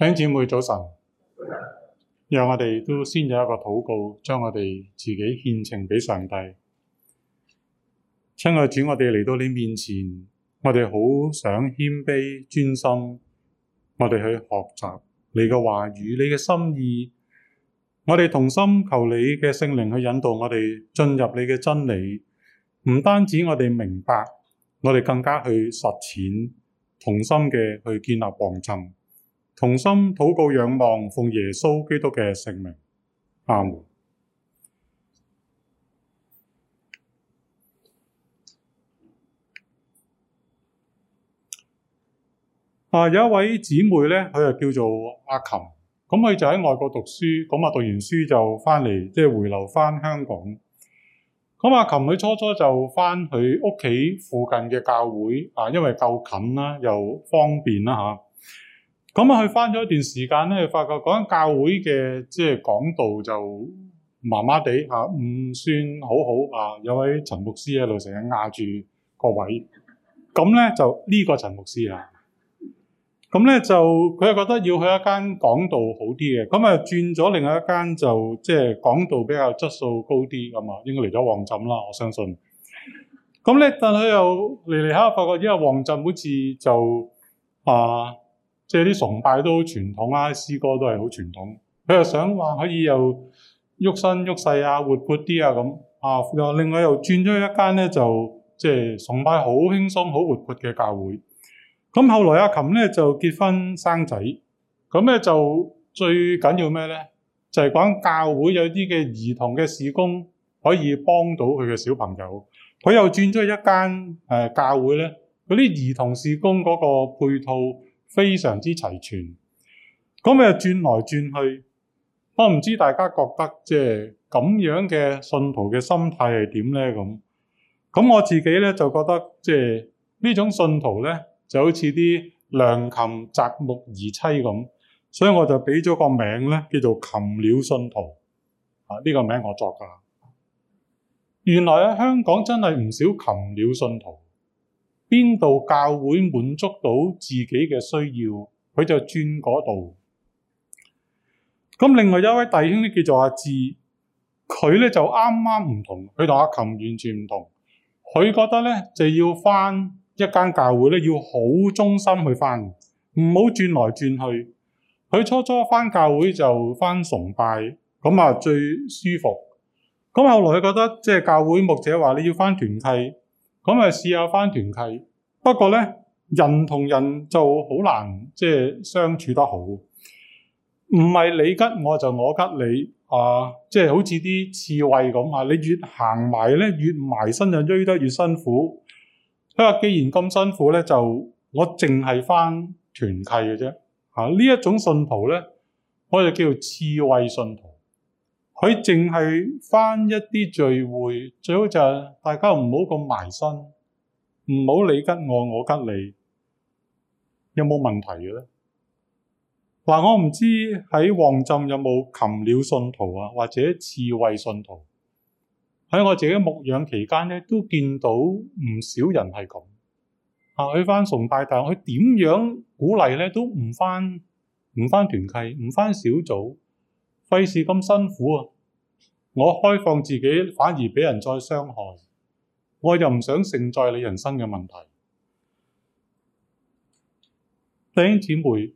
弟兄姊妹，早晨，讓我哋都先有一個禱告，將我哋自己獻呈俾上帝。親愛的主，我哋嚟到你面前，我哋好想謙卑專心，我哋去學習你嘅話語、你嘅心意。我哋同心求你嘅聖靈去引導我哋進入你嘅真理，唔單止我哋明白，我哋更加去實踐，同心嘅去建立旺浸。重新禱告仰望，奉耶穌基督嘅聖名，阿門。啊，有一位姊妹咧，佢就叫做阿琴，咁佢就喺外國讀書，咁啊讀完書就翻嚟，即係回流翻香港。咁阿琴佢初初就翻去屋企附近嘅教會啊，因為夠近啦，又方便啦吓。咁啊，佢翻咗一段時間咧，發覺嗰間教會嘅即係講道就麻麻地嚇，唔算好好啊。有位陳牧師喺度成日壓住個位，咁咧就呢個陳牧師啊，咁咧就佢係覺得要去一間講道好啲嘅。咁啊轉咗另外一間就即係講道比較質素高啲咁啊，應該嚟咗黃浸啦，我相信。咁咧，但佢又嚟嚟下發覺，因為黃浸好似就啊～即係啲崇拜都好傳統啊，詩歌都係好傳統。佢又想話可以又喐身喐勢啊，活潑啲啊咁啊。另外又轉咗一間咧，就即係崇拜好輕鬆、好活潑嘅教會。咁後來阿琴咧就結婚生仔，咁咧就最緊要咩咧？就係、是、講教會有啲嘅兒童嘅事工可以幫到佢嘅小朋友。佢又轉咗一間誒教會咧，嗰啲兒童事工嗰個配套。非常之齊全，咁啊轉來轉去，我唔知大家覺得即係咁樣嘅信徒嘅心態係點呢？咁咁我自己咧就覺得即係呢種信徒呢，就好似啲良禽擇木而棲咁，所以我就俾咗個名呢，叫做禽鳥信徒啊！呢、呢個名我作噶，原來喺香港真係唔少禽鳥信徒。邊度教會滿足到自己嘅需要，佢就轉嗰度。咁另外一位弟兄咧叫做阿志，佢咧就啱啱唔同，佢同阿琴完全唔同。佢覺得咧就要返一間教會咧，要好忠心去返，唔好轉來轉去。佢初初返教會就返崇拜，咁啊最舒服。咁後來佢覺得即係教會牧者話你要返團契。咁咪試下返團契，不過咧人同人就好難即係相處得好，唔係你吉我就我吉你啊！即係好似啲刺猬咁啊！你越行埋咧越埋身，就追得越辛苦。佢話，既然咁辛苦咧，就我淨係返團契嘅啫。嚇、啊，呢一種信徒咧，我就叫做刺猬信徒。佢淨係翻一啲聚會，最好就大家唔好咁埋身，唔好你吉我，我吉你，有冇問題嘅咧？嗱，我唔知喺旺浸有冇禽鳥信徒啊，或者刺蝟信徒喺我自己牧養期間咧，都見到唔少人係咁啊，去翻崇拜堂，佢點樣鼓勵咧都唔翻唔翻團契，唔翻小組。費事咁辛苦啊！我開放自己，反而俾人再傷害。我又唔想承載你人生嘅問題。弟兄姊妹，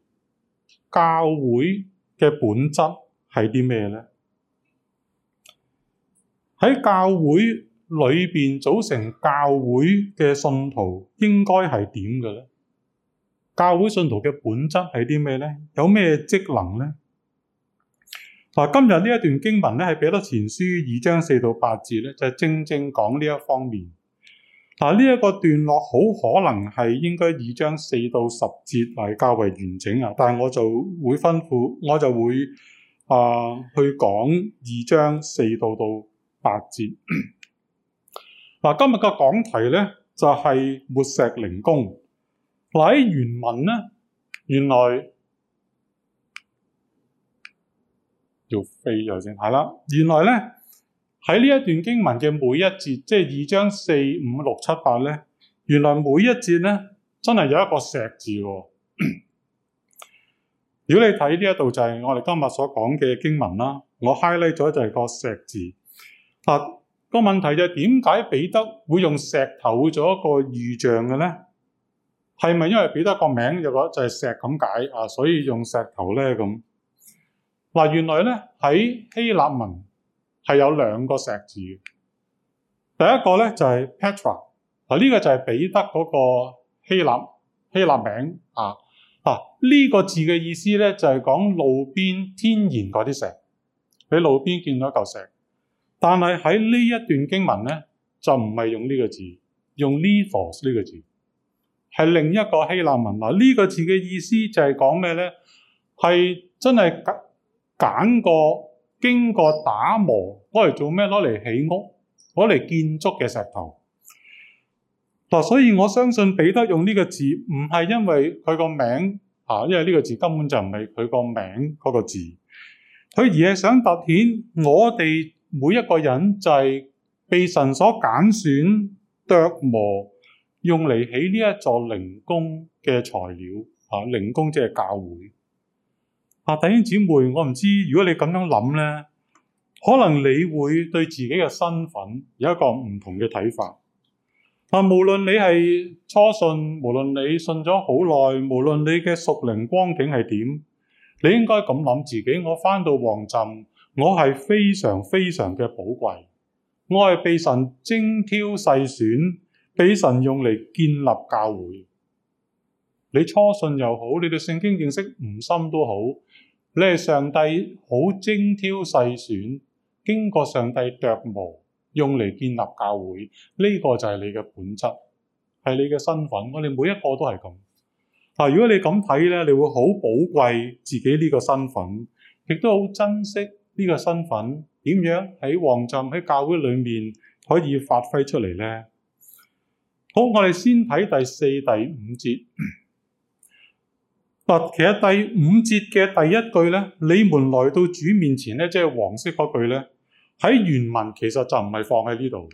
教會嘅本質係啲咩呢？喺教會裏邊組成教會嘅信徒，應該係點嘅咧？教會信徒嘅本質係啲咩咧？有咩職能咧？嗱，今日呢一段經文咧，係彼得前書二章四到八節咧，就係、正正講呢一方面。嗱，呢一個段落好可能係應該二章四到十節嚟較為完整啊，但係我就會吩咐我就會啊、呃、去講二章四到到八節。嗱， 今日個講題咧就係活石靈宮。嗱，喺原文咧，原來。要飛咗先，係啦。 原來咧喺呢一段經文嘅每一節，即係二章四五六七八咧，原來每一節咧真係有一個石字。 如果你睇呢一度就係、是、我哋今日所講嘅經文啦，我 highlight 咗就係個石字。嗱，個問題就係點解彼得會用石頭做一個預象嘅咧？係咪因為彼得個名就個就係石咁解啊？所以用石頭咧咁。嗱，原來咧喺希臘文係有兩個石字嘅，第一個咧就係 Petra，嗱呢個就係彼得嗰個希臘希臘名啊，嗱、這、呢個字嘅意思咧就係講路邊天然嗰啲石，喺路邊見到一嚿石，但係喺呢一段經文咧就唔係用呢個字，用 lithos 呢個字，係另一個希臘文，嗱、這、呢個字嘅意思就係講咩咧？係真係。揀過經過打磨攞嚟做咩？攞嚟起屋，攞嚟建築嘅石頭。嗱，所以我相信彼得用呢個字，唔係因為佢個名啊，因為呢個字根本就唔係佢個名嗰個字，佢而係想突顯我哋每一個人就係被神所揀選、琢磨，用嚟起呢一座靈宮嘅材料啊，靈宮即係教會。啊，弟兄姊妹，我唔知如果你咁樣諗咧，可能你會對自己嘅身份有一個唔同嘅睇法。嗱，無論你係初信，無論你信咗好耐，無論你嘅熟齡光景係點，你應該咁諗自己：我翻到王陣，我係非常非常嘅寶貴，我係被神精挑細選，俾神用嚟建立教會。你初信又好，你對聖經認識唔深都好，你係上帝好精挑細選，經過上帝琢磨，用嚟建立教會，呢、這個就係你嘅本質，係你嘅身份。我哋每一個都係咁。嗱，如果你咁睇呢，你會好寶貴自己呢個身份，亦都好珍惜呢個身份。點樣喺旺浸喺教會裏面可以發揮出嚟呢？好，我哋先睇第四、第五節。嗱，其實第五節嘅第一句咧，你們來到主面前咧，即係黃色嗰句咧，喺原文其實就唔係放喺呢度，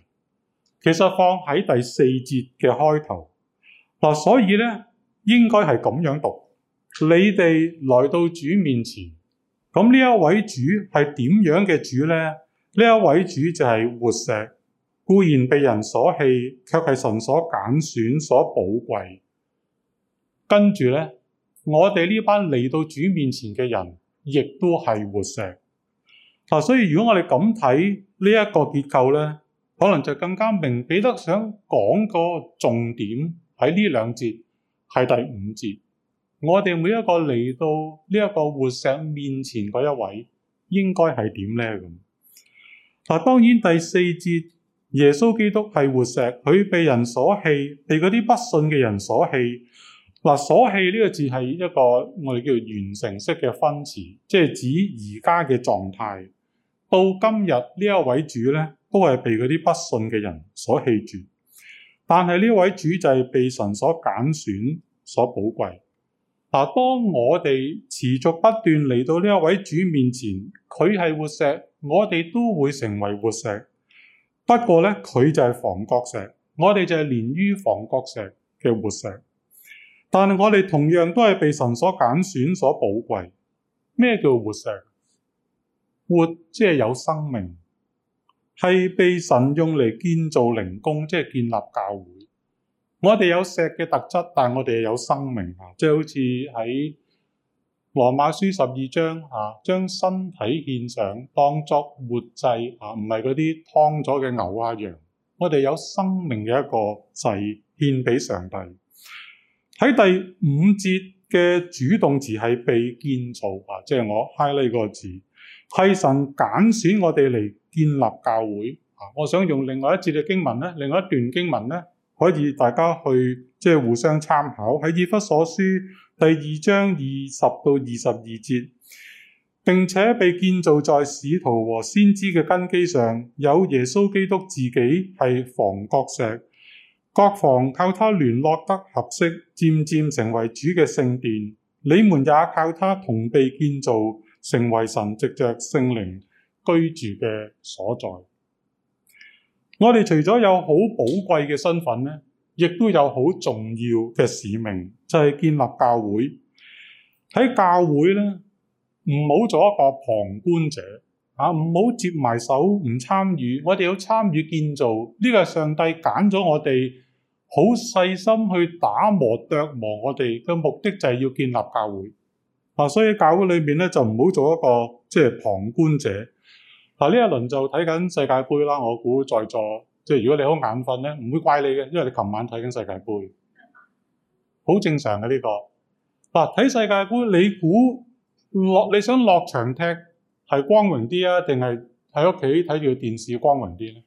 其實放喺第四節嘅開頭。嗱，所以咧應該係咁樣讀：你哋來到主面前，咁呢一位主係點樣嘅主咧？呢一位主就係活石，固然被人所棄，卻係神所揀選所寶貴。跟住咧。我哋呢班嚟到主面前嘅人，亦都係活石。嗱，所以如果我哋咁睇呢一個結構咧，可能就更加明，彼得想講個重點喺呢兩節，係第五節。我哋每一個嚟到呢一個活石面前嗰一位，應該係點咧咁？嗱，當然第四節耶穌基督係活石，佢被人所棄，被嗰啲不信嘅人所棄。嗱，所棄呢個字係一個我哋叫完成式嘅分詞，即係指而家嘅狀態。到今日呢一位主咧，都係被嗰啲不信嘅人所棄住。但係呢位主就係被神所揀選、所寶貴。嗱，當我哋持續不斷嚟到呢一位主面前，佢係活石，我哋都會成為活石。不過咧，佢就係房角石，我哋就係連於房角石嘅活石。但係我哋同樣都係被神所揀選，所寶貴。咩叫活石？活即係有生命，係被神用嚟建造靈宮，即係建立教會。我哋有石嘅特質，但係我哋有生命啊！就好似喺羅馬書十二章啊，將身體獻上，當作活祭啊，唔係嗰啲劏咗嘅牛啊羊。我哋有生命嘅一個祭，獻俾上帝。喺第五節嘅主動詞係被建造啊，即、就、係、是、我嗨」i 呢個字係神揀選我哋嚟建立教會啊。我想用另外一節嘅經文咧，另外一段經文咧，可以大家去互相參考喺以弗所書第二章二十到二十二節，並且被建造在使徒和先知嘅根基上，有耶穌基督自己係房角石。各房靠他聯絡得合適，漸漸成為主嘅聖殿。你們也靠他同被建造，成為神藉著聖靈居住嘅所在。我哋除咗有好寶貴嘅身份呢，亦都有好重要嘅使命，就係建立教會。喺教會呢，唔好做一個旁觀者，吓，唔好接埋手，唔參與。我哋要參與建造，呢個係上帝揀咗我哋。好細心去打磨、琢磨，我哋嘅目的就係要建立教會。嗱，所以教會裏面咧就唔好做一個即係旁觀者。嗱，呢一輪就睇緊世界盃啦。我估在座即係如果你好眼瞓咧，唔會怪你嘅，因為你琴晚睇緊世界盃，好正常嘅呢個。嗱，睇世界盃，你估落你想落場踢係光榮啲啊，定係喺屋企睇住電視光榮啲咧？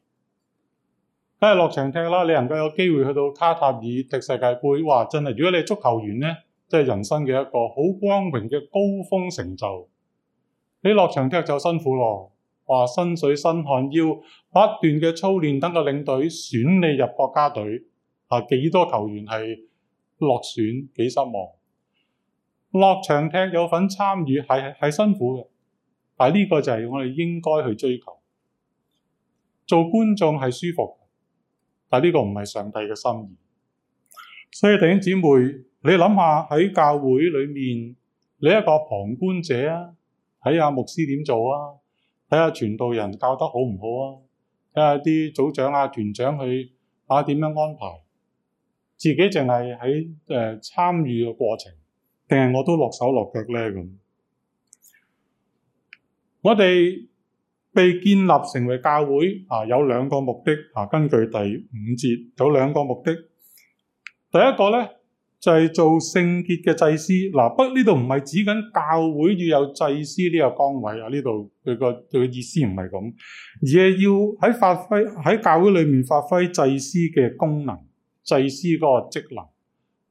誒，落場踢啦，你能夠有機會去到卡塔爾踢世界盃，哇！真係如果你係足球員呢，即係人生嘅一個好光榮嘅高峰成就。你落場踢就辛苦咯，哇身水身汗腰，要不斷嘅操練，等個領隊選你入國家隊。啊，幾多球員係落選，幾失望。落場踢有份參與係係辛苦嘅，但係呢個就係我哋應該去追求。做觀眾係舒服。但呢個唔係上帝嘅心意，所以弟兄姊妹，你諗下喺教會裏面，你一個旁觀者啊，睇下牧師點做啊，睇下傳道人教得好唔好啊，睇下啲組長啊、團長去啊點樣安排，自己淨係喺誒參與嘅過程，定係我都落手落腳咧咁？我哋。被建立成為教會啊，有兩個目的啊。根據第五節，有兩個目的。第一個咧，就係做聖潔嘅祭司。嗱，不呢度唔係指緊教會要有祭司呢個崗位啊。呢度佢個佢嘅意思唔係咁，而係要喺發揮喺教會裏面發揮祭司嘅功能，祭司個職能。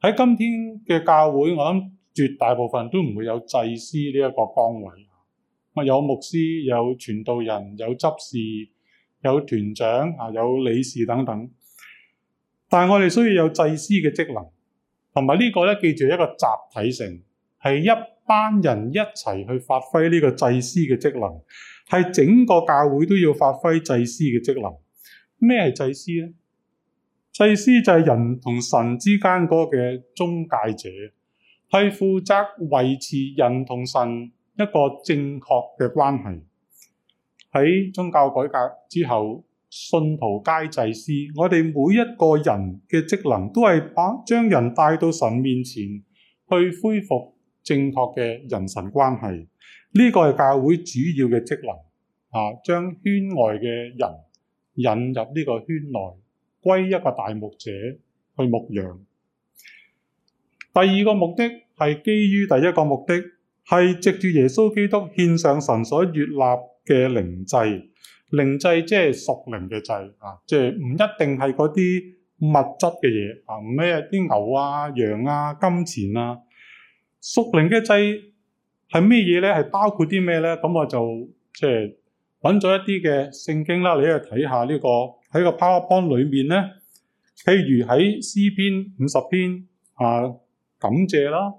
喺今天嘅教會，我諗絕大部分都唔會有祭司呢一個崗位。我有牧師、有傳道人、有執事、有團長啊、有理事等等。但係我哋需要有祭司嘅職能，同埋呢個咧，記住一個集體性，係一班人一齊去發揮呢個祭司嘅職能，係整個教會都要發揮祭司嘅職能。咩係祭司呢？祭司就係人同神之間嗰個嘅中介者，係負責維持人同神，一個正確嘅關係喺宗教改革之後，信徒皆祭司。我哋每一個人嘅職能都係把將人帶到神面前，去恢復正確嘅人神關係。呢、這個係教會主要嘅職能啊，將圈外嘅人引入呢個圈內，歸一個大牧者去牧養。第二個目的係基於第一個目的。係藉住耶穌基督獻上神所悅納嘅靈祭，靈祭即係屬靈嘅祭啊，即係唔一定係嗰啲物質嘅嘢啊，咩啲牛啊、羊啊、金錢啊，屬靈嘅祭係咩嘢咧？係包括啲咩咧？咁我就即係揾咗一啲嘅聖經啦，你去睇下呢個喺個 PowerPoint 裏面咧，譬如喺詩篇五十篇啊，感謝啦。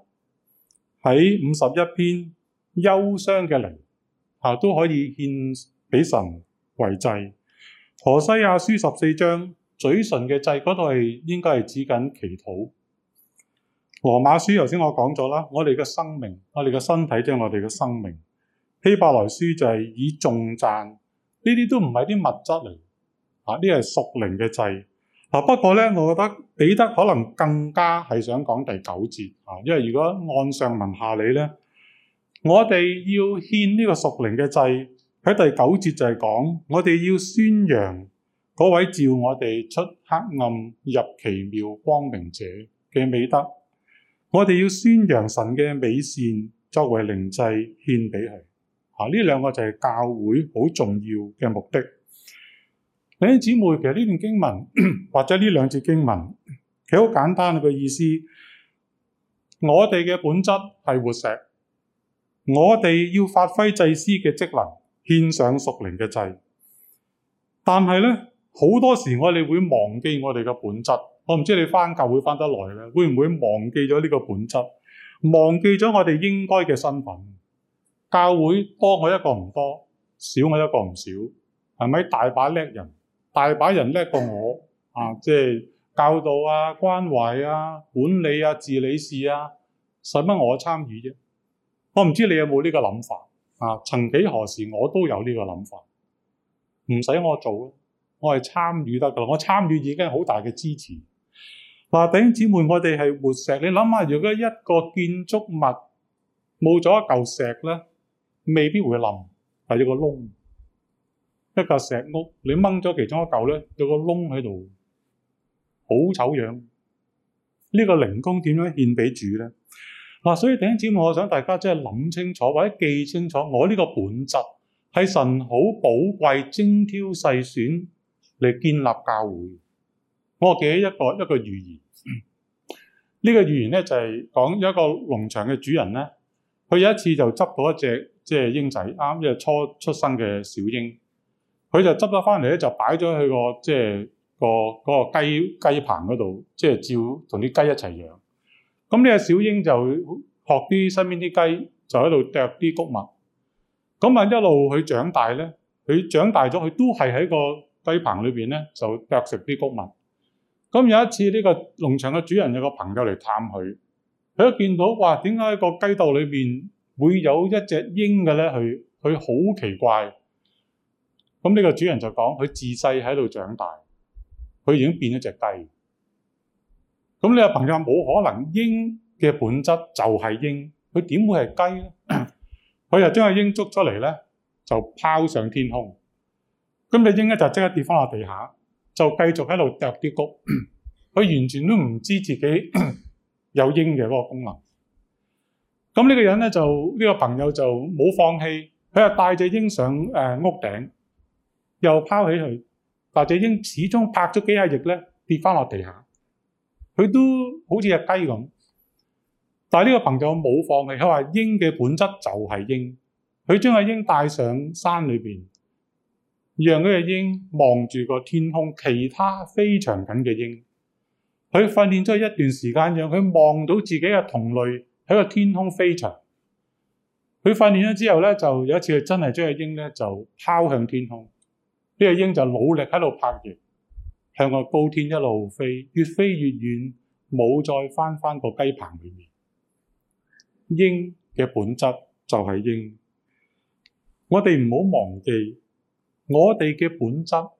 喺五十一篇憂傷嘅靈啊，都可以獻畀神為祭。何西阿書十四章嘴唇嘅祭嗰度，係應該係指緊祈禱。羅馬書，頭先我講咗啦，我哋嘅生命，我哋嘅身體即係我哋嘅生命。希伯來書就係以頌讚，呢啲都唔係啲物質嚟，啊呢係屬靈嘅祭。嗱，不過咧，我覺得彼得可能更加係想講第九節啊，因為如果按上文下理咧，我哋要獻呢個屬靈嘅祭，喺第九節就係講我哋要宣揚嗰位召我哋出黑暗入奇妙光明者嘅美德，我哋要宣揚神嘅美善作為靈祭獻俾佢。啊，呢兩個就係教會好重要嘅目的。你姊妹，其實呢段經文或者呢兩節經文，佢好簡單嘅意思。我哋嘅本質係活石，我哋要發揮祭司嘅職能，獻上屬靈嘅祭。但係咧，好多時我哋會忘記我哋嘅本質。我唔知你翻教會翻得耐咧，會唔會忘記咗呢個本質？忘記咗我哋應該嘅身份。教會多我一個唔多，少我一個唔少，係咪大把叻人？大把人叻過我啊！即係教導啊、關懷啊、管理啊、治理事啊，使乜我參與啫？我唔知你有冇呢個諗法啊？曾幾何時我都有呢個諗法，唔使我做咯，我係參與得㗎。我參與已經好大嘅支持。嗱，弟兄姊妹，我哋係活石，你諗下，如果一個建築物冇咗一嚿石咧，未必會冧，係一個窿。一架石屋，你掹咗其中一嚿咧，有個窿喺度，好醜樣。這個、功呢個靈宮點樣獻俾主咧？嗱、啊，所以頂尖，我想大家即係諗清楚，或者記清楚我呢個本質係神好寶貴、精挑細選嚟建立教會。我記起一個一個寓言，呢、嗯這個寓言咧就係講一個農場嘅主人咧，佢有一次就執到一隻即係鷹仔啱，即係初出生嘅小鷹。佢就執咗返嚟咧，就擺咗去個即係、就是、個嗰個雞棚嗰度，即係照同啲雞一齊養。咁呢隻小鷹就學啲身邊啲雞，就喺度啄啲穀物。咁啊一路佢長大咧，佢長大咗，佢都係喺個雞棚裏邊咧就啄食啲穀物。咁有一次呢個農場嘅主人有個朋友嚟探佢，佢一見到哇，點解個雞竇裏邊會有一隻鷹嘅咧？佢佢好奇怪。咁呢個主人就講，佢自細喺度長大，佢已經變咗隻雞。咁呢個朋友冇可能鷹嘅本質就係鷹，佢點會係雞咧？佢又將個鷹捉出嚟咧，就拋上天空。咁你鷹咧就即刻跌翻落地下，就繼續喺度啄啲谷。佢 完全都唔知自己 有鷹嘅嗰個功能。咁呢個人咧就呢個朋友就冇放棄，佢又帶隻鷹上誒屋頂。又拋起佢，或者鷹始終拍咗幾下翼咧，跌翻落地下，佢都好似隻雞咁。但係呢個朋友冇放棄，佢話鷹嘅本質就係鷹。佢將阿鷹帶上山裏邊，讓佢隻鷹望住個天空，其他飛翔緊嘅鷹。佢訓練咗一段時間，讓佢望到自己嘅同類喺個天空飛翔。佢訓練咗之後咧，就有一次佢真係將阿鷹咧就拋向天空。呢隻鷹就努力喺度拍翼，向個高天一路飛，越飛越遠，冇再返返個雞棚裏面。鷹嘅本質就係鷹，我哋唔好忘記，我哋嘅本質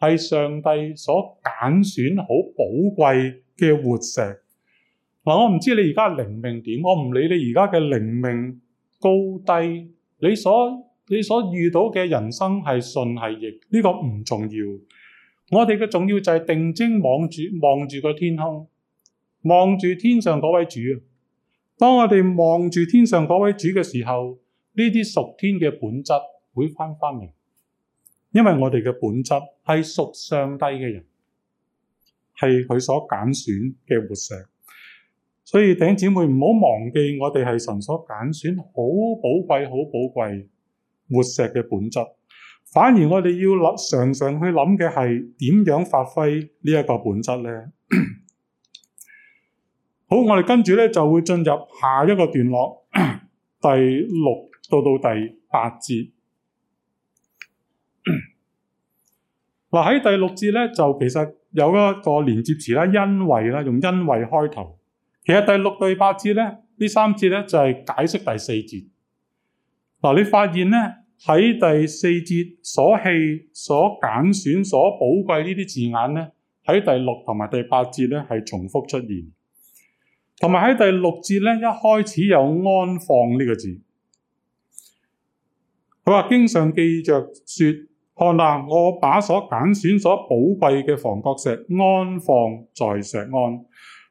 係上帝所揀選好寶貴嘅活石。嗱，我唔知你而家靈命點，我唔理你而家嘅靈命高低，你所你所遇到嘅人生係順係逆，呢個唔重要。我哋嘅重要就係定睛望住望住個天空，望住天上嗰位主。當我哋望住天上嗰位主嘅時候，呢啲屬天嘅本質會翻翻嚟，因為我哋嘅本質係屬上帝嘅人，係佢所揀選嘅活石。所以弟姊妹唔好忘記，我哋係神所揀選，好寶貴，好寶貴。活石嘅本質，反而我哋要諗，常常去諗嘅係點樣發揮呢一個本質咧？ 好，我哋跟住咧就會進入下一個段落， 第六到到第八節。嗱，喺 第六節咧就其實有一個連接詞啦，因為啦，用因為開頭。其實第六到第八節咧，呢三節咧就係解釋第四節。嗱，你發現咧？喺第四節所棄、所揀選、所寶貴呢啲字眼呢，喺第六同埋第八節呢係重複出現，同埋喺第六節呢，一開始有安放呢個字。佢話經上記着説：「看哪，我把所揀選、所寶貴嘅房角石安放在錫安。」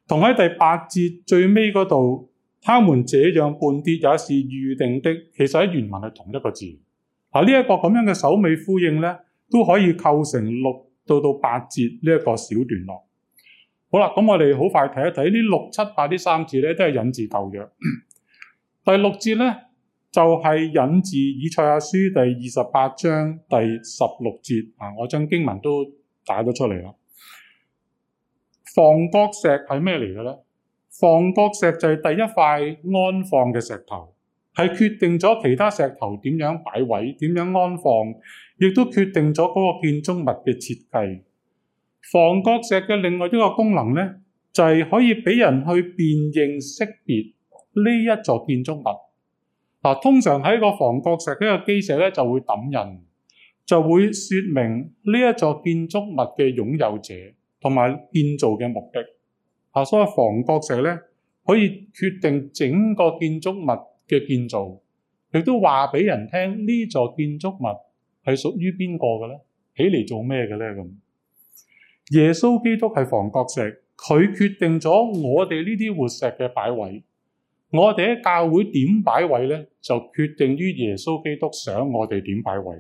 同喺第八節最尾嗰度，他們這樣絆跌也是預定的。其實喺原文係同一個字。嗱，呢一個咁樣嘅首尾呼應咧，都可以構成六到到八節呢一個小段落。好啦，咁我哋好快睇一睇呢六七八呢三節咧，都係引自舊約。 第六節咧就係、是、引自以賽亞書第二十八章第十六節。嗱、啊，我將經文都打咗出嚟啦。房角石係咩嚟嘅咧？房角石就係第一塊安放嘅石頭。係決定咗其他石頭點樣擺位、點樣安放，亦都決定咗嗰個建築物嘅設計。房角石嘅另外一個功能呢，就係、是、可以俾人去辨認識別呢一座建築物。嗱、啊，通常喺個房角石呢個基石呢，就會抌人，就會説明呢一座建築物嘅擁有者同埋建造嘅目的。啊，所以房角石呢，可以決定整個建築物。嘅建造，亦都話俾人聽呢座建築物係屬於邊個嘅咧？起嚟做咩嘅咧？咁耶穌基督係房角石，佢決定咗我哋呢啲活石嘅擺位。我哋喺教會點擺位咧，就決定於耶穌基督想我哋點擺位。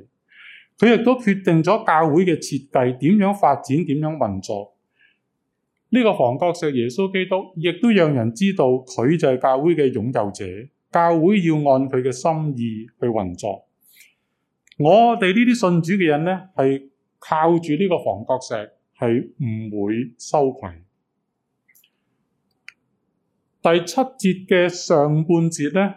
佢亦都決定咗教會嘅設計點樣發展、點樣運作。呢、這個房角石耶穌基督亦都讓人知道佢就係教會嘅擁有者。教會要按佢嘅心意去運作，我哋呢啲信主嘅人咧，係靠住呢個房角石，係唔會羞愧。第七節嘅上半節咧，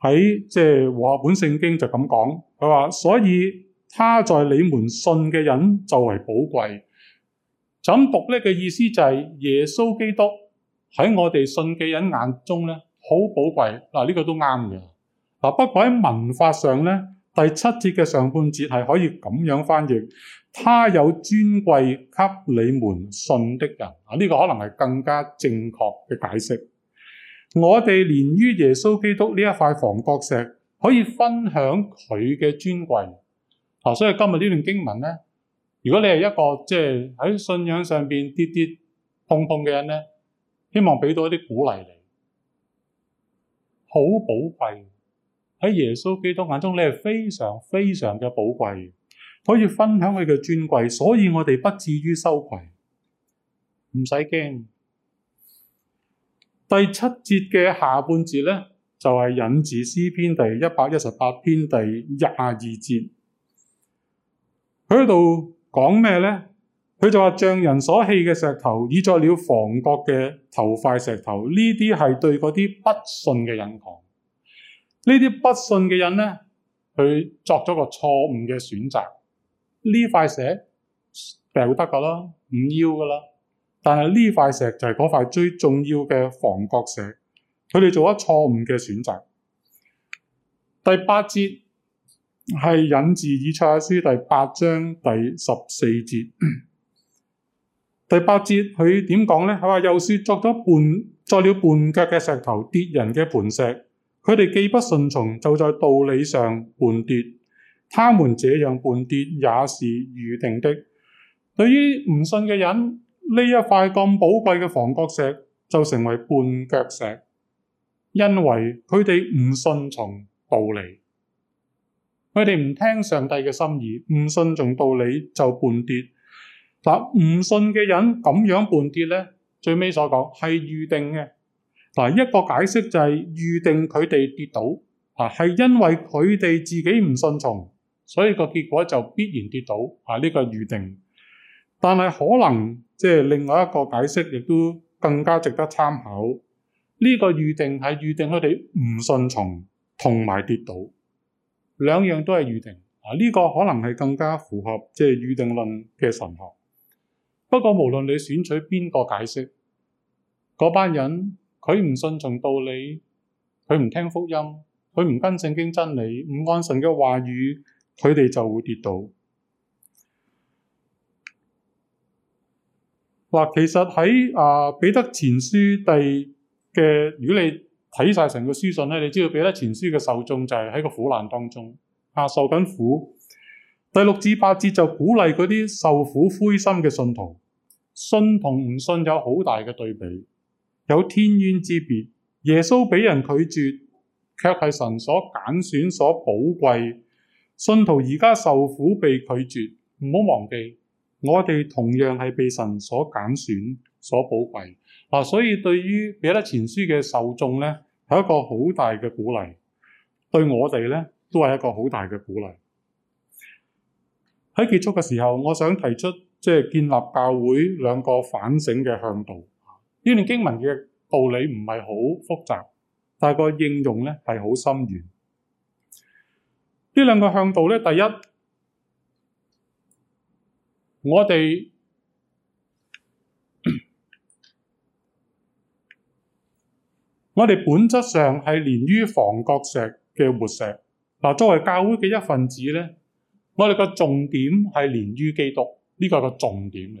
就是，喺即係話本聖經就咁講，佢話所以他在你們信嘅人就為寶貴。咁讀咧嘅意思就係耶穌基督喺我哋信嘅人眼中咧，好寶貴嗱，呢個都啱嘅嗱。不過喺文法上咧，第七節嘅上半節係可以咁樣翻譯：他有尊貴給你們信的人啊，呢個可能係更加正確嘅解釋。我哋連於耶穌基督呢一塊房角石，可以分享佢嘅尊貴啊。所以今日呢段經文咧，如果你係一個即係喺信仰上邊跌跌碰碰嘅人咧，希望俾到一啲鼓勵嚟。好寶貴。喺耶穌基督眼中，你係非常非常嘅寶貴，可以分享佢嘅尊貴，所以我哋不至於羞愧，唔使驚。第七節嘅下半節咧，就係、是、引自詩篇第一百一十八篇第廿二節，佢喺度講咩咧？佢就話匠人所棄嘅石頭，已作了房角嘅頭塊石頭。呢啲係對嗰啲不信嘅人講。呢啲不信嘅人咧，佢作咗個錯誤嘅選擇。呢塊石，掉得噶啦，唔要噶啦。但係呢塊石就係嗰塊最重要嘅房角石。佢哋做咗錯誤嘅選擇。第八節係引自以賽亞書第八章第十四節。第八節佢點講呢？佢話又說作咗絆，作了絆腳嘅石頭跌人嘅磐石。佢哋既不順從，就在道理上絆跌。他們這樣絆跌也是預定的。對於唔信嘅人，呢一塊咁寶貴嘅房角石就成為絆腳石，因為佢哋唔順從道理，佢哋唔聽上帝嘅心意，唔順從道理就絆跌。嗱，唔信嘅人咁樣半跌咧，最尾所講係預定嘅。嗱，一個解釋就係預定佢哋跌倒啊，係因為佢哋自己唔信從，所以個結果就必然跌倒啊。呢、呢個預定，但係可能即係、就是、另外一個解釋，亦都更加值得參考。呢、呢個預定係預定佢哋唔信從同埋跌倒兩樣都係預定啊。呢、呢個可能係更加符合即係預定論嘅神學。不過，無論你選取邊個解釋，嗰班人佢唔信從道理，佢唔聽福音，佢唔跟聖經真理，唔按神嘅話語，佢哋就會跌倒。嗱，其實喺啊彼得前書第嘅，如果你睇晒成個書信咧，你知道彼得前書嘅受眾就係喺個苦難當中啊，受緊苦。第六至八節就鼓勵嗰啲受苦灰心嘅信徒。信同唔信有好大嘅對比，有天淵之別。耶穌俾人拒絕，卻係神所揀選所寶貴。信徒而家受苦被拒絕，唔好忘記，我哋同樣係被神所揀選所寶貴。嗱，所以對於彼得前書嘅受眾呢，係一個好大嘅鼓勵，對我哋呢，都係一個好大嘅鼓勵。喺結束嘅時候，我想提出。即係建立教會兩個反省嘅向度。呢段經文嘅道理唔係好複雜，但係個應用咧係好深遠。呢兩個向度咧，第一，我哋我哋本質上係連於房角石嘅活石。嗱，作為教會嘅一份子咧，我哋個重點係連於基督。呢個係個重點嚟，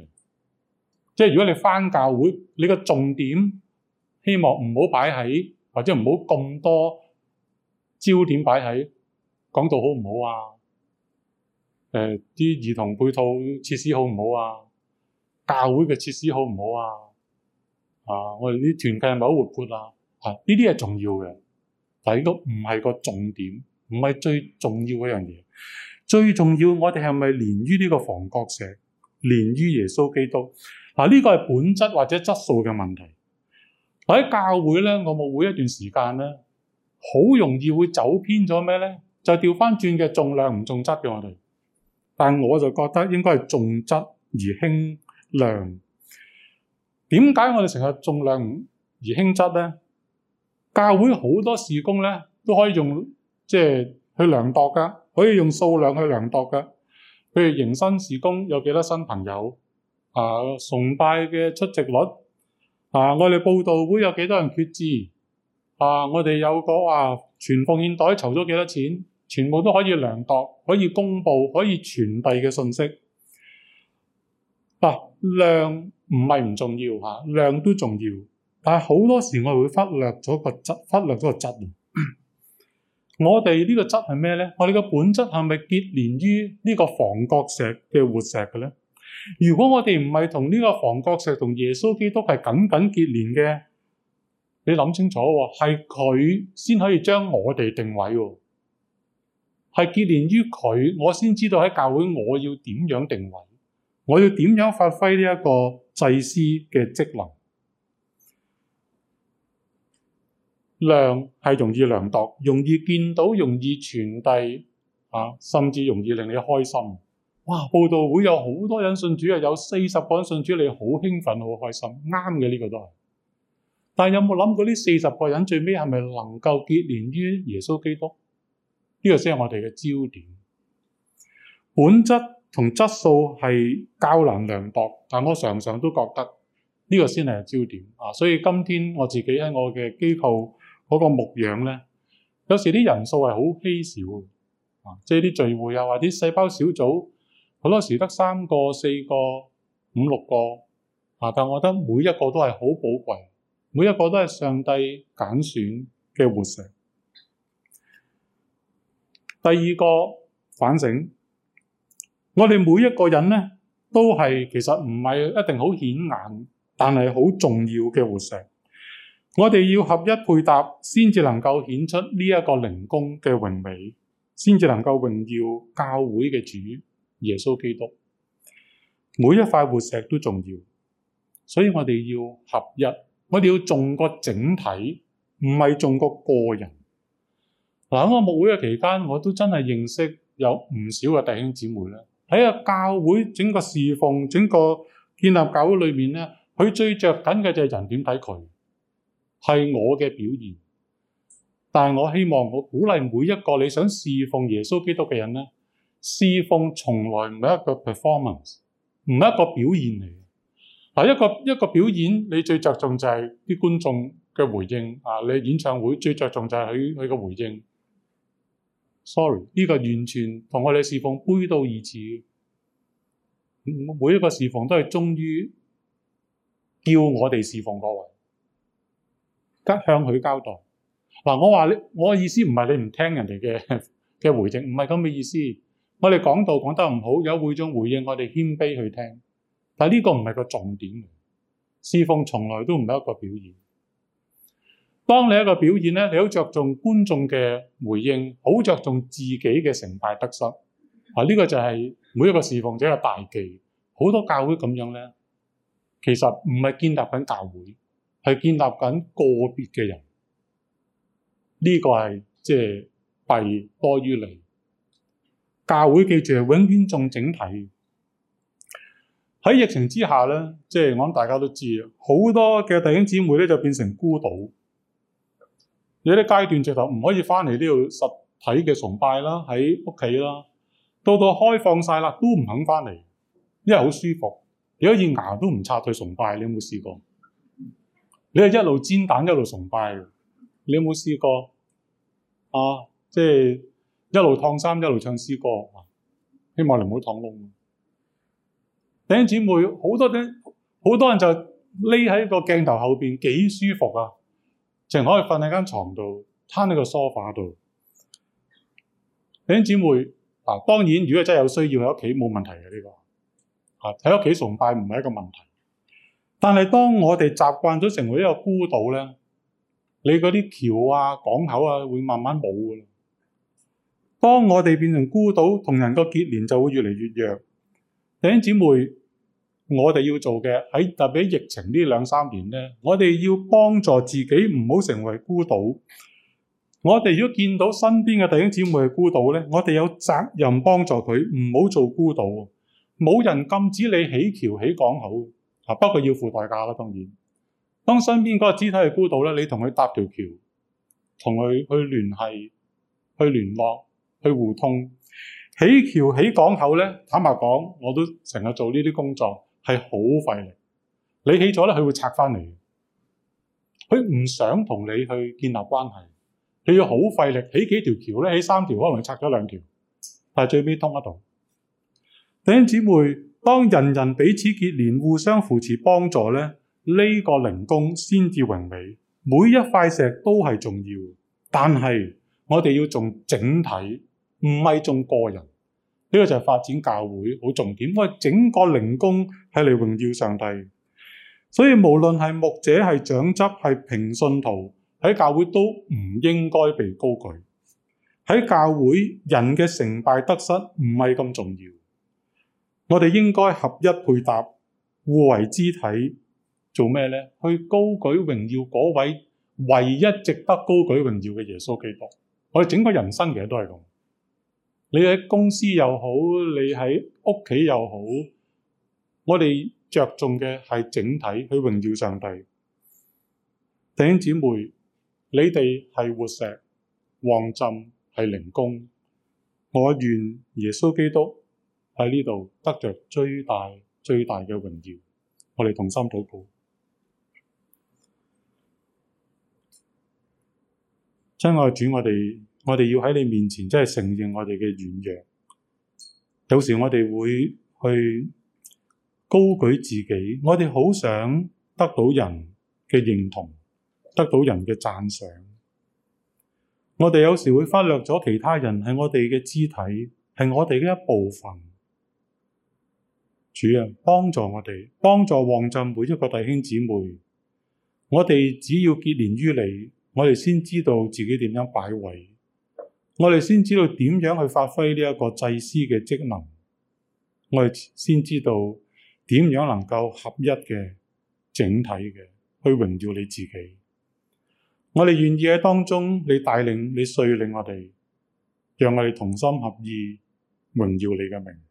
即係如果你返教會，你個重點希望唔好擺喺，或者唔好咁多焦點擺喺講道好唔好啊？誒，啲、呃、兒童配套設施好唔好啊？教會嘅設施好唔好啊？啊，我哋啲團契係咪好活潑啊？啊，呢啲係重要嘅，但係呢唔係個重點，唔係最重要嗰樣嘢。最重要，我哋係咪連於呢個房角石？連於耶穌基督，嗱、啊、呢、這個係本質或者質素嘅問題。喺教會咧，我冇會一段時間咧，好容易會走偏咗咩咧？就調翻轉嘅重量唔重質嘅我哋。但我就覺得應該係重質而輕量。點解我哋成日重量而輕質咧？教會好多事工咧，都可以用即係、就是、去量度噶，可以用數量去量度噶。譬如迎新事工有幾多新朋友啊？崇拜嘅出席率啊，我哋佈道會有幾多人決志啊，我哋有個話、啊、全奉獻袋籌咗幾多錢，全部都可以量度、可以公佈、可以傳遞嘅信息。嗱、啊，量唔係唔重要嚇、啊，量都重要，但係好多時我哋會忽略咗個質，忽略咗個質素。我哋呢個質係咩咧？我哋個本質係咪結連於呢個房角石嘅活石嘅咧？如果我哋唔係同呢個房角石同耶穌基督係緊緊結連嘅，你諗清楚，係佢先可以將我哋定位。係結連於佢，我先知道喺教會我要點樣定位，我要點樣發揮呢一個祭司嘅職能。量係容易量度，容易見到，容易傳遞啊，甚至容易令你開心。哇！報道會有好多人信主啊，有四十個人信主，你好興奮，好開心，啱嘅呢個都係。但有冇諗過呢？四十個人最尾係咪能夠結連於耶穌基督？呢個先係我哋嘅焦點。本質同質素係較難量度，但我常常都覺得呢個先係焦點啊。所以今天我自己喺我嘅機構。嗰個牧養咧，有時啲人數係好稀少啊，即係啲聚會又、啊、或者細胞小組好多時得三個、四個、五六個啊，但我覺得每一個都係好寶貴，每一個都係上帝揀選嘅活石。第二個反省，我哋每一個人咧都係其實唔係一定好顯眼，但係好重要嘅活石。我哋要合一配搭，先至能夠顯出呢一個靈宮嘅榮美，先至能夠榮耀教會嘅主耶穌基督。每一塊活石都重要，所以我哋要合一，我哋要重個整體，唔係重個個人。嗱，我牧會嘅期間，我都真係認識有唔少嘅弟兄姊妹咧。喺個教會整個侍奉、整個建立教會裏面咧，佢最着緊嘅就係人點睇佢。係我嘅表現，但係我希望我鼓勵每一個你想侍奉耶穌基督嘅人咧，侍奉從來唔係一個 performance，唔係一個表演嚟嘅。嗱，一個一個,一個表演，你最着重就係啲觀眾嘅回應啊！你演唱會最着重就係佢佢嘅回應。Sorry，呢個完全同我哋侍奉背道而馳。每每一個侍奉都係忠於叫我哋侍奉各位。向佢交代。嗱，我話你，我嘅意思唔係你唔聽人哋嘅嘅回應，唔係咁嘅意思。我哋講道講得唔好，有會眾回應，我哋謙卑去聽，但係呢個唔係個重點。侍奉從來都唔係一個表演，當你一個表演咧，你好着重觀眾嘅回應，好着重自己嘅成敗得失。啊，呢、這個就係每一個侍奉者嘅大忌。好多教會咁樣咧，其實唔係建立緊教會。係建立緊個別嘅人，呢個係即係弊多於利。教會記住係永遠重整體。喺疫情之下咧，即係我諗大家都知，好多嘅弟兄姊妹咧就變成孤島。有啲階段直頭唔可以翻嚟呢度實體嘅崇拜啦，喺屋企啦，到到開放晒啦都唔肯翻嚟，因為好舒服，你可以牙都唔拆去崇拜，你有冇試過？你係一路煎蛋，一路崇拜，你有冇試過啊？即係一路燙衫一路唱詩歌，希望你唔好燙窿。弟兄姐妹，好多啲好多人就匿喺個鏡頭後邊，幾舒服啊！淨可以瞓喺間床度，攤喺個梳化度。弟兄姐妹，嗱、啊，當然如果真係有需要喺屋企冇問題嘅呢、這個啊，喺屋企崇拜唔係一個問題。但係當我哋習慣咗成為一個孤島咧，你嗰啲橋啊、港口啊會慢慢冇噶啦。當我哋變成孤島，同人個結連就會越嚟越弱。弟兄姊妹，我哋要做嘅喺特別疫情呢兩三年咧，我哋要幫助自己唔好成為孤島。我哋如果見到身邊嘅弟兄姊妹係孤島咧，我哋有責任幫助佢唔好做孤島。冇人禁止你起橋、起港口。啊！不過要付代價啦，當然。當身邊嗰個肢體係孤島咧，你同佢搭條橋，同佢去聯繫、去聯絡、去互通。起橋起港口咧，坦白講，我都成日做呢啲工作係好費力。你起咗咧，佢會拆返嚟。佢唔想同你去建立關係。你要好費力起幾條橋咧，起三條可能拆咗兩條，但係最尾通一度。弟兄姊妹。當人人彼此結連，互相扶持幫助咧，呢、這個靈宮先至榮美。每一塊石都係重要，但係我哋要重整體，唔係重個人。呢、這個就係發展教會好重點。因、就、為、是、整個靈宮係嚟榮耀上帝，所以無論係牧者、係長執、係平信徒喺教會都唔應該被高舉。喺教會人嘅成敗得失唔係咁重要。我哋應該合一配搭，互為肢體，做咩咧？去高舉榮耀嗰位唯一值得高舉榮耀嘅耶穌基督。我哋整個人生其實都係咁，你喺公司又好，你喺屋企又好，我哋着重嘅係整體去榮耀上帝。弟兄姊妹，你哋係活石，旺浸係靈宮，我願耶穌基督，喺呢度得着最大最大嘅榮耀，我哋同心禱告。親愛主我，我哋我哋要喺你面前，即係承認我哋嘅軟弱。有時我哋會去高舉自己，我哋好想得到人嘅認同，得到人嘅讚賞。我哋有時會忽略咗其他人係我哋嘅肢體，係我哋嘅一部分。主啊，幫助我哋，幫助旺浸每一個弟兄姊妹。我哋只要結連於你，我哋先知道自己點樣擺位，我哋先知道點樣去發揮呢一個祭司嘅職能，我哋先知道點樣能夠合一嘅整體嘅去榮耀你自己。我哋願意喺當中，你帶領，你率領我哋，讓我哋同心合意，榮耀你嘅名。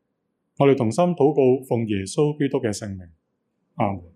我哋同心禱告，奉耶穌基督嘅聖名，阿門。